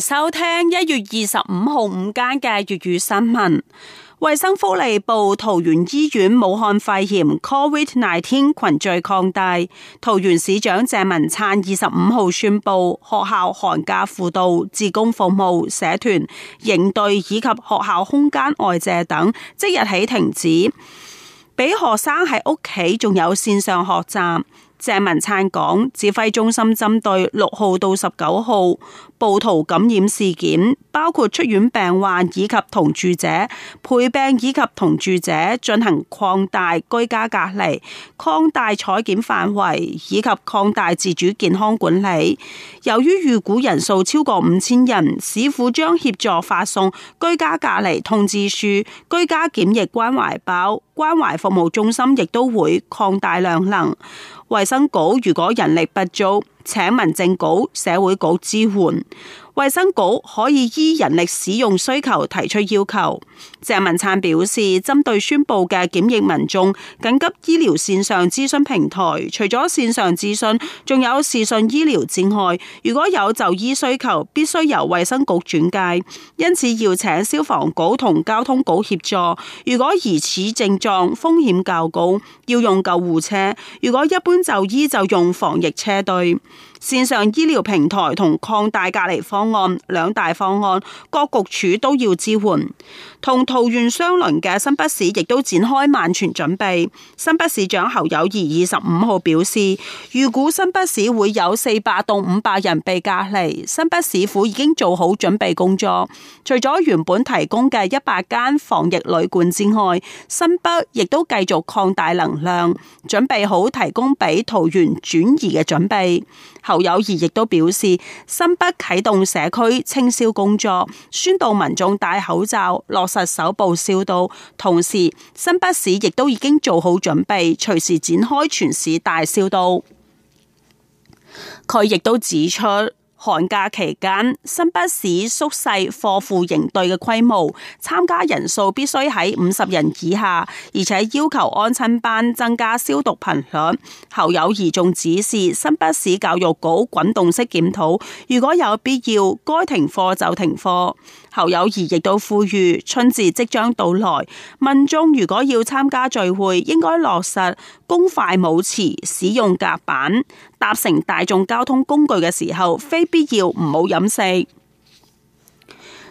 收聽一月二十五號午間嘅粵語新聞。衛生福利部桃園醫院武漢肺炎 COVID-19 群聚擴大，桃園市長鄭文燦二十五號宣布，學校寒假輔導、自供服務、社團營隊以及學校空間外借等即日起停止，俾學生喺屋企仲有綫上學習。鄭文燦講，指揮中心針對六號到十九號部桃感染事件，包括出院病患以及同住者、陪病、以及同住者進行擴大居家隔離、擴大採檢範圍以及擴大自主健康管理。由於預估人數超過五千人，市府將協助發送居家隔離通知書、居家檢疫關懷包，關懷服務中心亦都會擴大量能。衛生局如果人力不足，請民政局、社會局支援。衛生局可以依人力使用需求提出要求。鄭文燦表示，針對宣布嘅檢疫民眾緊急醫療線上諮詢平台，除咗線上諮詢，仲有視訊醫療之外，如果有就醫需求，必須由衛生局轉介，因此要請消防局同交通局協助。如果疑似症狀風險較高，要用救護車；如果一般就醫就用防疫車隊。線上醫療平台同擴大隔離方案兩大方案，各局處都要支援。同桃園相鄰嘅新北市亦都展開萬全準備。新北市長侯友宜二十五號表示，預估新北市會有四百到五百人被隔離，新北市府已經做好準備工作。除咗原本提供嘅一百間防疫旅館之外，新北亦都繼續擴大能量，準備好提供俾桃園轉移嘅準備。侯友宜亦都表示，新北啟動社區清消工作，宣導民眾戴口罩、落實手部消毒，同時新北市亦都已經做好準備，隨時展開全市大消毒。佢亦都指出，寒假期間新北市縮細課輔營隊嘅規模，參加人數必須喺五十人以下，而且要求安親班增加消毒頻率。侯友宜仲指示新北市教育局滾動式檢討，如果有必要，該停課就停課。侯友宜亦都呼籲，春節即將到來，民眾如果要參加聚會，應該落實公筷母匙，使用夾板，搭乘大眾交通工具嘅時候，非必要唔好飲食。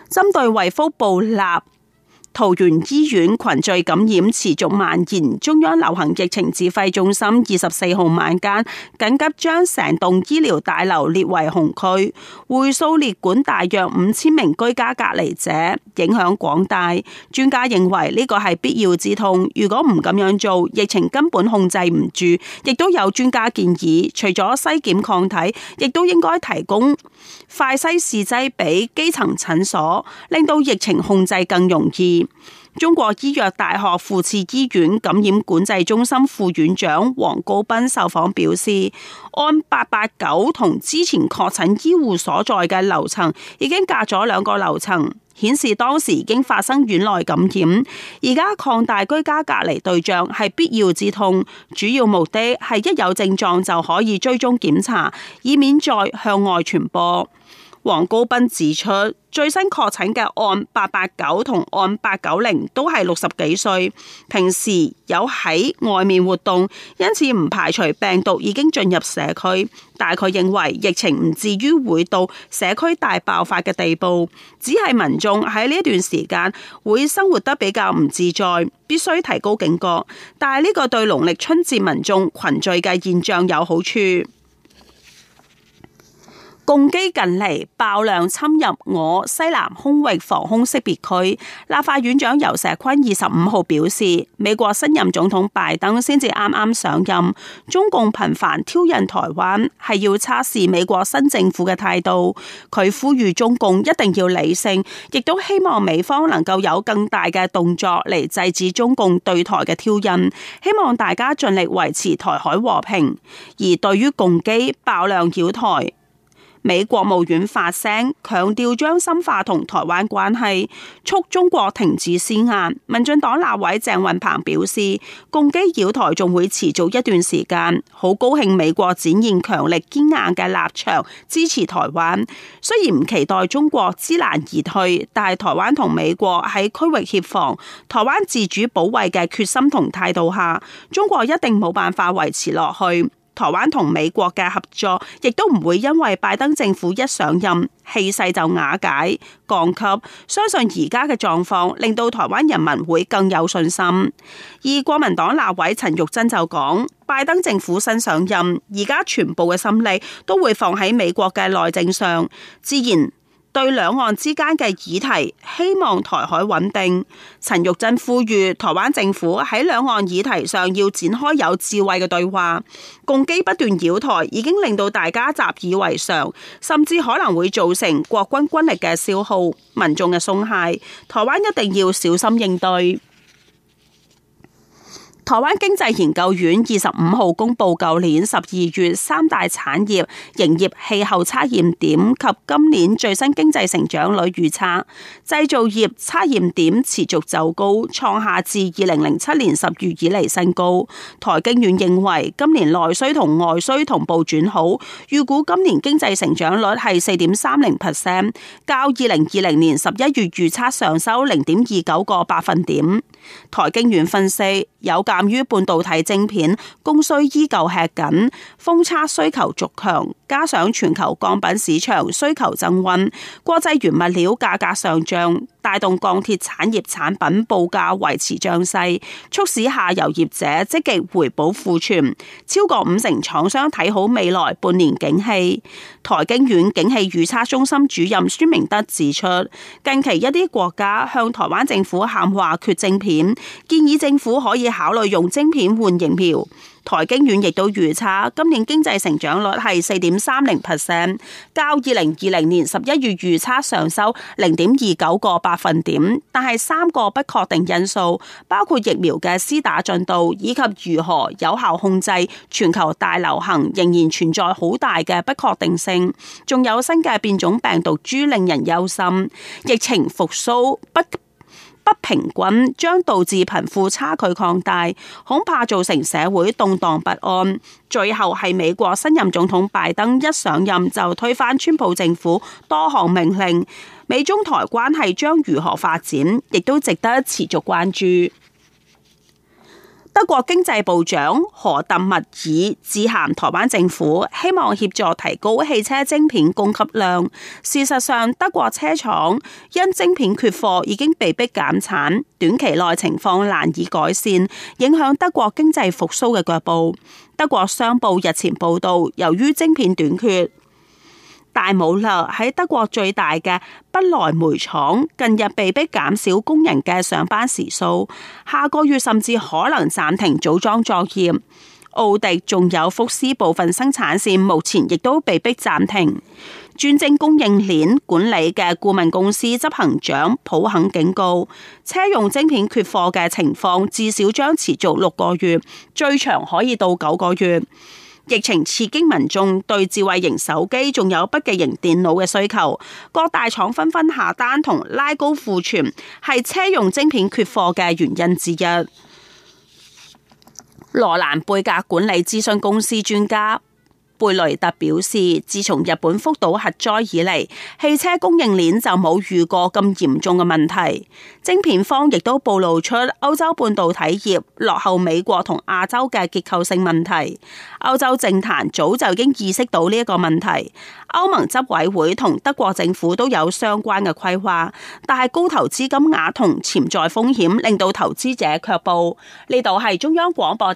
針對維福布立。桃園醫院群聚感染持續蔓延，中央流行疫情指揮中心二十四號晚間緊急將成棟醫療大樓列為紅區，回溯列管大約五千名居家隔離者，影響廣大。專家認為呢個係必要之痛，如果唔咁樣做，疫情根本控制唔住。亦都有專家建議，除咗西檢抗體，亦都應該提供快篩試劑俾基層診所，令到疫情控制更容易。中國醫藥大學附設醫院感染管制中心副院長黃高斌受訪表示，按八八九同之前確診醫護所在嘅樓層，已經隔咗兩個樓層，顯示當時已經發生院內感染。而家擴大居家隔離對象係必要之痛，主要目的係一有症狀就可以追蹤檢查，以免再向外傳播。黃高斌指出，最新確診嘅案八八九同案八九零都係六十幾歲，平時有喺外面活動，因此唔排除病毒已經進入社區。但佢認為疫情唔至於會到社區大爆發嘅地步，只係民眾喺呢段時間會生活得比較唔自在，必須提高警覺。但係呢個對農曆春節民眾群聚嘅現象有好處。共機近嚟爆量侵入我西南空域防空識別區，立法院長游錫堃二十五號表示，美國新任總統拜登先至啱啱上任，中共頻繁挑釁台灣，係要測試美國新政府嘅態度。佢呼籲中共一定要理性，亦都希望美方能夠有更大嘅動作嚟制止中共對台嘅挑釁。希望大家盡力維持台海和平。而對於共機爆量擾台，美國務院發聲，強調將深化同台灣關係，促中國停止施壓。民進黨立委鄭運鵬表示，共機繞台仲會持續一段時間。好高興美國展現強力、堅硬嘅立場，支持台灣。雖然唔期待中國知難而退，但係台灣同美國喺區域協防、台灣自主保衛嘅決心同態度下，中國一定冇辦法維持落去。台灣同美國嘅合作，亦都唔會因為拜登政府一上任氣勢就瓦解降級。相信而家嘅狀況令到台灣人民會更有信心。而國民黨立委陳玉珍就講，拜登政府新上任，而家全部嘅心力都會放喺美國嘅內政上，自然。對兩岸之間嘅議題，希望台海穩定。陳玉珍呼籲台灣政府喺兩岸議題上要展開有智慧嘅對話。共機不斷擾台已經令到大家習以為常，甚至可能會造成國軍軍力嘅消耗、民眾嘅鬆懈。台灣一定要小心應對。台灣經濟研究院二十五號公布舊年十二月三大產業營業氣候測驗點及今年最新經濟成長率預測，製造業測驗點持續走高，創下自二零零七年十月以嚟新高。台經院認為今年內需同外需同步轉好，預估今年經濟成長率係四點三零 percent，較二零二零年十一月預測上修零點二九個百分點。台經院分析，有鑒於半導體晶片供需依舊吃緊，風差需求續強。加上全球鋼品市場需求增溫，國際原物料價格上漲帶動鋼鐵產業產品報價維持漲勢，促使下游業者積極回補庫存。超過五成廠商睇好未來半年景氣。台經院景氣預測中心主任孫明德指出，近期一啲國家向台灣政府喊話缺晶片，建議政府可以考慮用晶片換疫苗。台經院亦都預測今年經濟成長率係四點三零 percent，較二零二零年十一月預測上修零點二九個百分點，但係三個不確定因素，包括疫苗嘅施打進度以及如何有效控制全球大流行，仍然存在好大嘅不確定性。仲有新嘅變種病毒株令人憂心，疫情復甦不。不平均將導致貧富差距擴大，恐怕造成社會動盪不安。最後係美國新任總統拜登一上任就推翻川普政府多項命令，美中台關係將如何發展，亦都值得持續關注。德國經濟部長何特默爾致函台灣政府，希望協助提高汽車晶片供給量。事實上，德國車廠因晶片缺貨已經被迫減產，短期內情況難以改善，影響德國經濟復蘇嘅腳步。德國商報日前報道，由於晶片短缺。戴姆勒喺德國最大嘅不來梅廠近日被迫減少工人嘅上班時數，下個月甚至可能暫停組裝作業。奧迪仲有福斯部分生產線目前亦都被迫暫停。專精供應鏈管理嘅顧問公司執行長普肯警告，車用晶片缺貨嘅情況至少將持續六個月，最長可以到九個月。疫情刺激民眾對智慧型手機仲有筆記型電腦嘅需求，各大廠紛紛下單同拉高庫存，係車用晶片缺貨嘅原因之一。羅蘭貝格管理諮詢公司專家。貝雷特表示，自從日本福島核災以嚟，汽車供應鏈就冇遇過咁嚴重嘅問題。晶片方亦都暴露出歐洲半導體業落後美國同亞洲嘅結構性問題。歐洲政壇早就已經意識到呢一個問題，歐盟執委會同德國政府都有相關嘅規劃，但係高投資金額同潛在風險令到投資者卻步。呢度係中央廣播。